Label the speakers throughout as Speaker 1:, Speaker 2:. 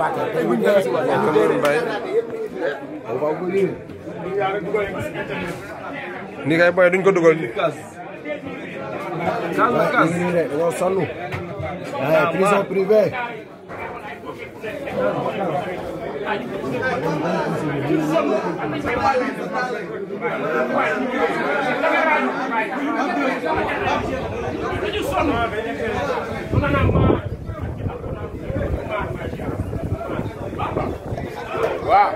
Speaker 1: waatee buñ dellu si waatee. nii kay booy duñ ko dugal. waaw nii rek dañoo sonn. waaye prison privée. dañu sonn. waaw.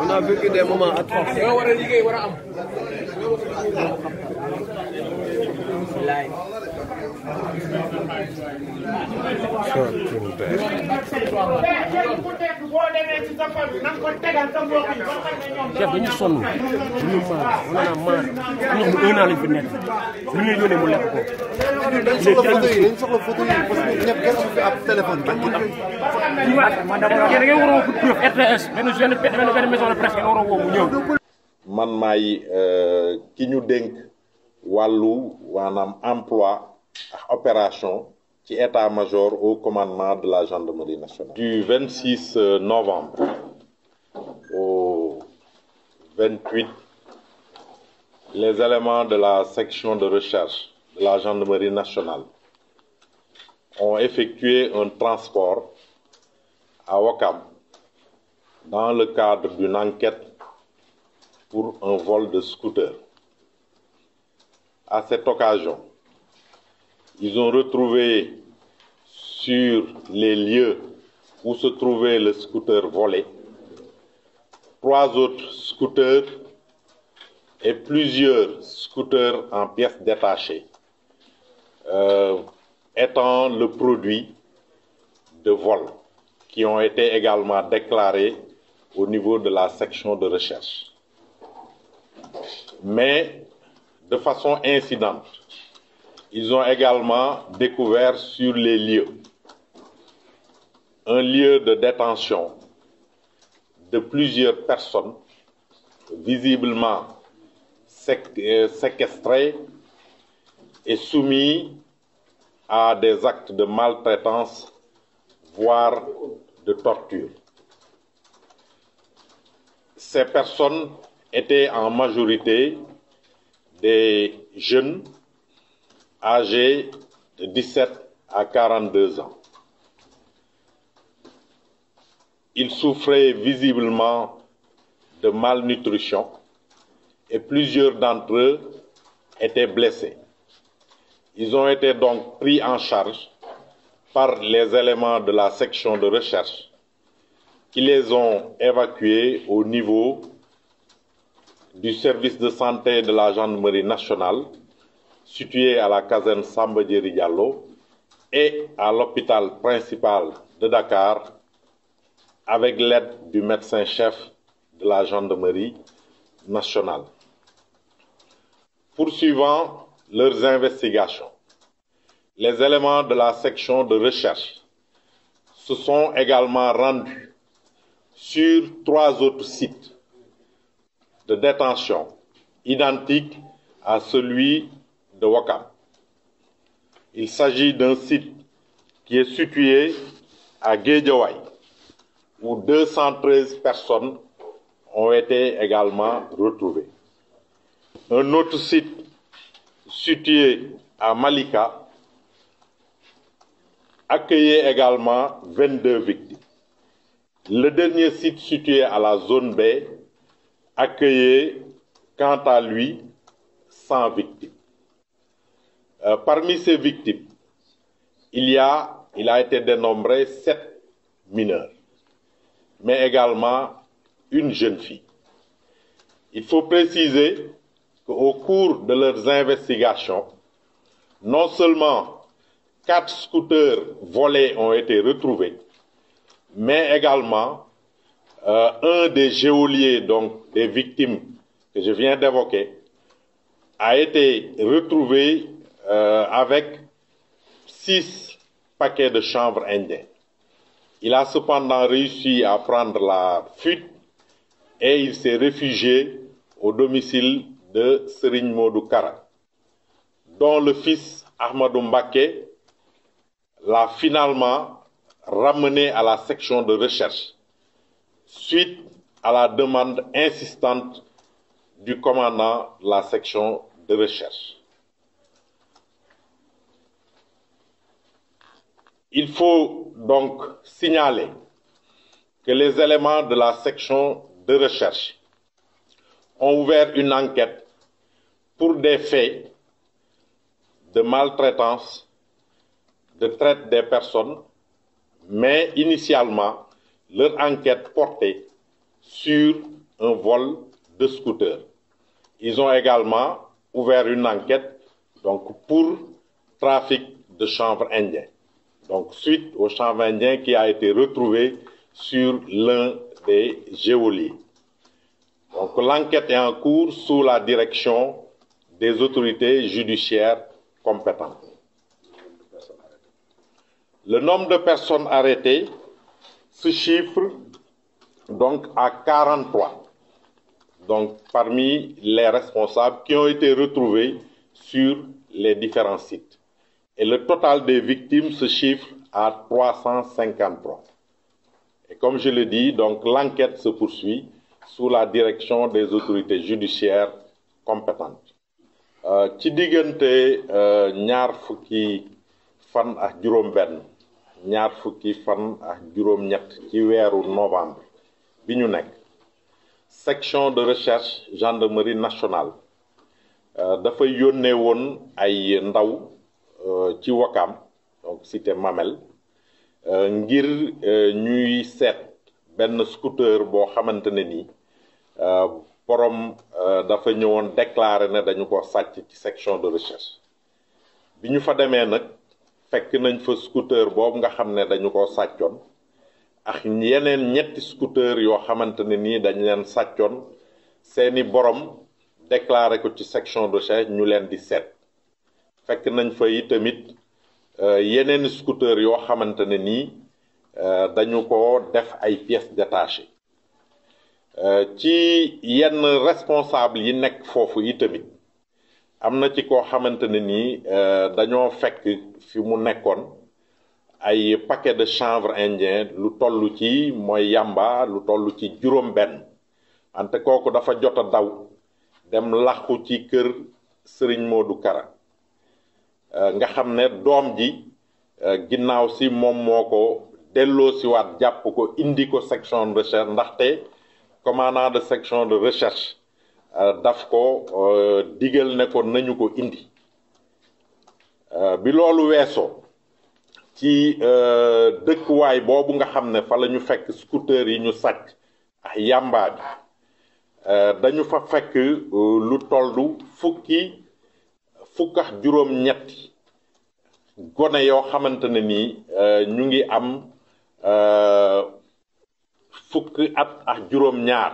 Speaker 1: on a vécu des a atroces. yoo war a liggéey war a am. surtout tey. chef dañu man maay euh, ki ñu dénk wàllu maanaam emploi. Opération qui est à major au commandement de la gendarmerie nationale. du 26 euh, novembre au 28 les éléments de la section de recherche de la gendarmerie nationale ont effectué un transport à Wakam dans le cadre d'une enquête pour un vol de scooter. À cette occasion, ils ont retrouvé sur les lieux où se trouvait le scooter volé trois autres scooters et plusieurs scooters en pièces détachées, euh, étant le produit de vol qui ont été également déclarés au niveau de la section de recherche. Mais de façon incidente, ils ont également découvert sur les lieux un lieu de détention de plusieurs personnes visiblement euh, séquestrées et soumises à des actes de maltraitance, voire de torture. Ces personnes étaient en majorité des jeunes âgés de 17 à 42 ans. Ils souffraient visiblement de malnutrition et plusieurs d'entre eux étaient blessés. Ils ont été donc pris en charge par les éléments de la section de recherche qui les ont évacués au niveau du service de santé de la gendarmerie nationale situé à la caserne Samba Diallo et à l'hôpital principal de Dakar avec l'aide du médecin-chef de la gendarmerie nationale. Poursuivant leurs investigations, les éléments de la section de recherche se sont également rendus sur trois autres sites de détention identiques à celui de Il s'agit d'un site qui est situé à Guédiawaye, où 213 personnes ont été également retrouvées. Un autre site situé à Malika accueillait également 22 victimes. Le dernier site situé à la zone B accueillait quant à lui 100 victimes. Euh, parmi ces victimes, il y a, il a été dénombré sept mineurs, mais également une jeune fille. Il faut préciser qu'au cours de leurs investigations, non seulement quatre scooters volés ont été retrouvés, mais également euh, un des géoliers, donc des victimes que je viens d'évoquer, a été retrouvé euh, avec six paquets de chanvre indien. Il a cependant réussi à prendre la fuite et il s'est réfugié au domicile de Serigne Modou dont le fils Ahmadou Mbaké l'a finalement ramené à la section de recherche suite à la demande insistante du commandant de la section de recherche. Il faut donc signaler que les éléments de la section de recherche ont ouvert une enquête pour des faits de maltraitance, de traite des personnes, mais initialement, leur enquête portait sur un vol de scooter. Ils ont également ouvert une enquête donc, pour trafic de chanvre indien donc suite au champ indien qui a été retrouvé sur l'un des géoliers. Donc l'enquête est en cours sous la direction des autorités judiciaires compétentes. Le nombre de personnes arrêtées se chiffre donc à 43. Donc parmi les responsables qui ont été retrouvés sur les différents sites. Et le total des victimes se chiffre à 353. Et comme je le dis, donc l'enquête se poursuit sous la direction des autorités judiciaires compétentes. Euh, ci diggante euh, ñaar fukki fan ak juróom ben ñaar fukki fan ak juróom-ñett ci wéru novembre bi ñu section de recherche gendarmerie nationale euh, dafa yónnee won ay ndaw. Euh, ci wokam donc cité Mamel euh, ngir euh, ñuy seet benn scooter boo xamante ne nii borom dafa ñëwoon déclaré ne dañu ko sàcc ci section de recherche bi ñu fa demee nag fekk nañ fa scooter boobu nga xam ne dañu ko sàccoon ak yeneen ñetti scooter yoo xamante ne nii dañ leen sàccoon seeni borom déclaré ko ci section de recherche ñu leen di seet fekk nañ fa yi tamit euh, yeneen scooter yoo xamante ne nii euh, dañu ko def ay pièces détachées euh, ci yenn responsable yi nekk foofu yi tamit am na ci koo xamante ne nii dañoo fekk fi mu nekkoon ay paquet de chanvre indien lu toll ci mooy yàmba lu toll ci juróom-benn wante kooku dafa jot a daw dem laxu ci kër Serigne du Kara Euh, nga xam ne doom ji euh, ginnaaw si moom moo ko delloo siwaat jàpp ko indi ko section de recherche ndaxte commandant de section de recherche euh, daf ko digal ne ko nañu ko indi bi loolu weesoo ci dëkkuwaay boobu nga xam ne fa la ñu fekk scooter yi ñu sàcc ak yàmbaa bi dañu fa fekk lu tollu fukki fukk ak juróom ñetti gone yoo xamante ne nii euh, ñu ngi am euh, fukk at ak juróom ñaar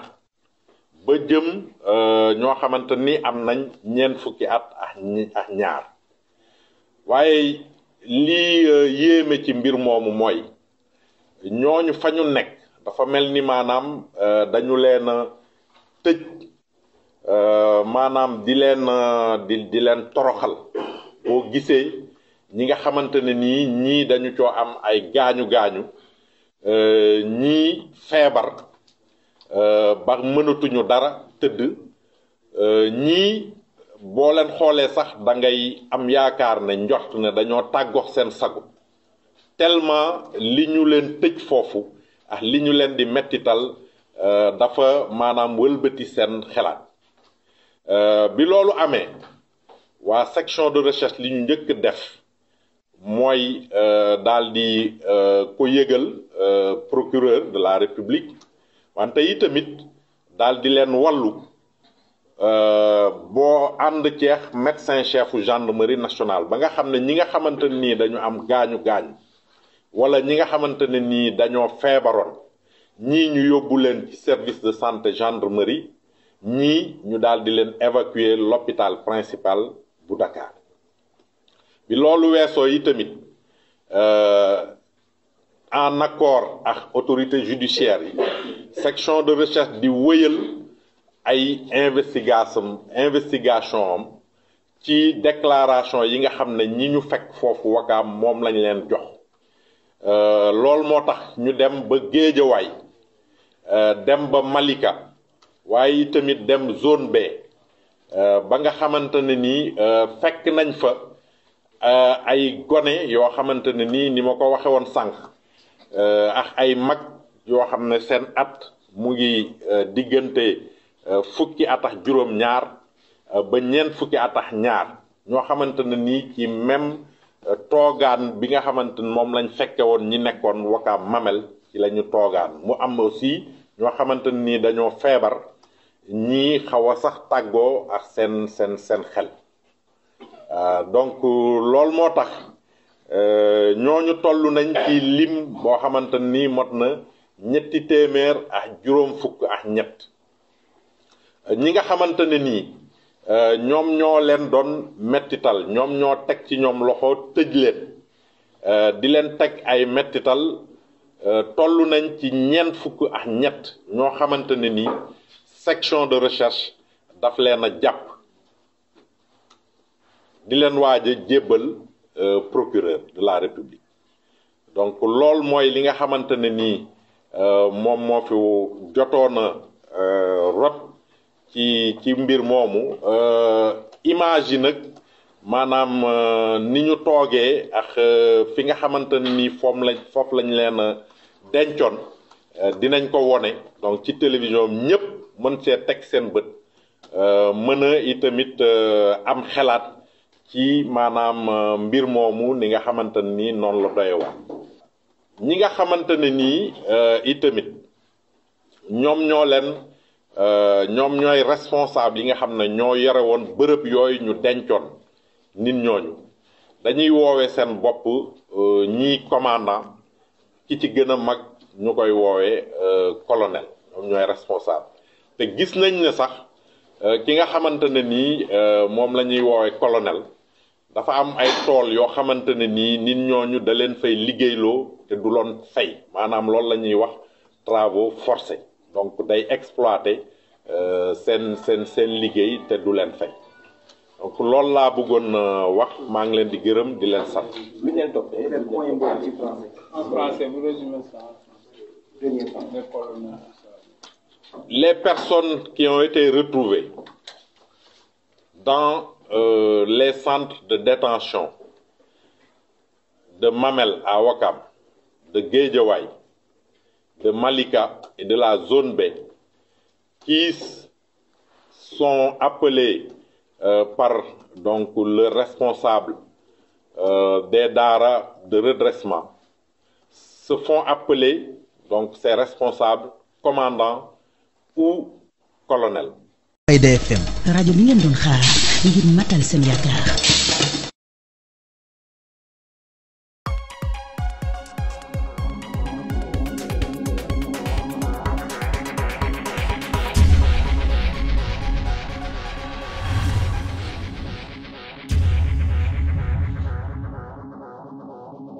Speaker 1: ba jëm euh, ñoo xamante ni am nañ ñeent fukki at ak ñaar waaye lii yéeme ci mbir moomu mooy ñooñu fa ñu nekk dafa mel ni maanaam dañu leen a tëj Euh, maanaam di leen euh, di di leen toroxal boo gisee ñi nga xamante ne nii ñii dañu coo am ay gaañu gaañu euh, ñii feebar ba mënatuñu dara tëdd ñii boo leen xoolee sax da ngay am yaakaar ne njort ne dañoo tàggox seen sago tellement li ñu leen tëj foofu ak li ñu leen di mettital dafa maanaam wëlbati seen xelaat Euh, bi loolu amee waa section de recherche li ñu njëkk def mooy euh, daal di euh, ko yëgal procureur de la république wante yi tamit daal di leen wallu boo ànd ceex médecin chefu gendarmerie nationale ba nga xam ne ñi nga xamante ne nii dañu am gaañu gaañ wala ñi nga xamante ne nii dañoo feebaroon ñii ñu yóbbu leen ci service de santé gendarmerie ni ñu dal di leen évacuer l'hôpital principal bu Dakar bi lolu wesso yi tamit euh, en accord ak autorité judiciaire yi section de recherche di weyel ay investigation investigation ci déclaration yi nga xam ñi ñu fekk fofu wakaam mom lañ leen jox euh lool motax ñu dem ba euh dem ba Malika waaye tamit dem zone B euh, ba nga xamante ne nii euh, fekk nañ fa euh, ay gone yoo xamante ne ni ma ko waxe woon sànq ak ay mag yoo xam ne seen at mu ngi diggante fukki atax juróom ñaar ba ñeent fukki atax ñaar ñoo xamante ne nii ci même toogaan bi nga xamante ne moom lañ fekke woon ñi nekkoon wakaam mamel ci la toogaan mu am aussi ñoo xamante ne dañoo feebar ñii xaw a sax tàggoo ak seen seen seen xel euh, donc loolu moo tax euh, ñooñu tollu nañ ci lim boo xamante ni mot na ñetti téeméer ak ak ñett euh, ñi nga xamante ne nii ñoom ñoo leen doon mettital ñoom ñoo teg ci ñoom loxo tëj leen di leen teg ay mettital tollu nañ ci ñeent fukk ak ñett ñoo xamante ne nii section de recherche daf Diap a jàpp di euh, procureur de la république donc l'ol mooy li nga xamante ne nii euh, moom moo fi euh, ci ci mbir que ak fi nga lañ donc ci télévision mën cee teg seen bët euh, mën a itamit euh, am xelaat ci maanaam euh, mbir moomu ni nga xamante nii noonu la doyewaat ñi nga xamante ne nii itamit ñoom ñoo leen ñoom ñooy responsable yi nga xam ne ñoo yore woon bërëb yooyu ñu dencoon nit ñooñu dañuy woowe seen bopp ñii commandant ki ci gën a mag ñu koy woowee colonel ñoom ñooy responsable te gis nañ ne sax euh, ki nga xamante ne euh, moom la ñuy colonel dafa am ay tool yoo xamante ne nii nit ñooñu da leen fay liggéeyloo te du loon fay maanaam loolu wax travaux forcés donc day exploiter euh, sen sen sen liggéey te du leen fay donc loolu laa bëggoon wax maa ngi leen di gërëm di leen sant. français. les personnes qui ont été retrouvées dans euh, les centres de détention de Mamel à Wakam, de Guédiawaï, de Malika et de la zone B, qui sont appelés euh, par donc, le responsable euh, des DARA de redressement, se font appeler, donc ces responsables, commandants ou colonel. Alfayda FM. rajo bi ngeen doon xaar ngir matal seen yaakaar.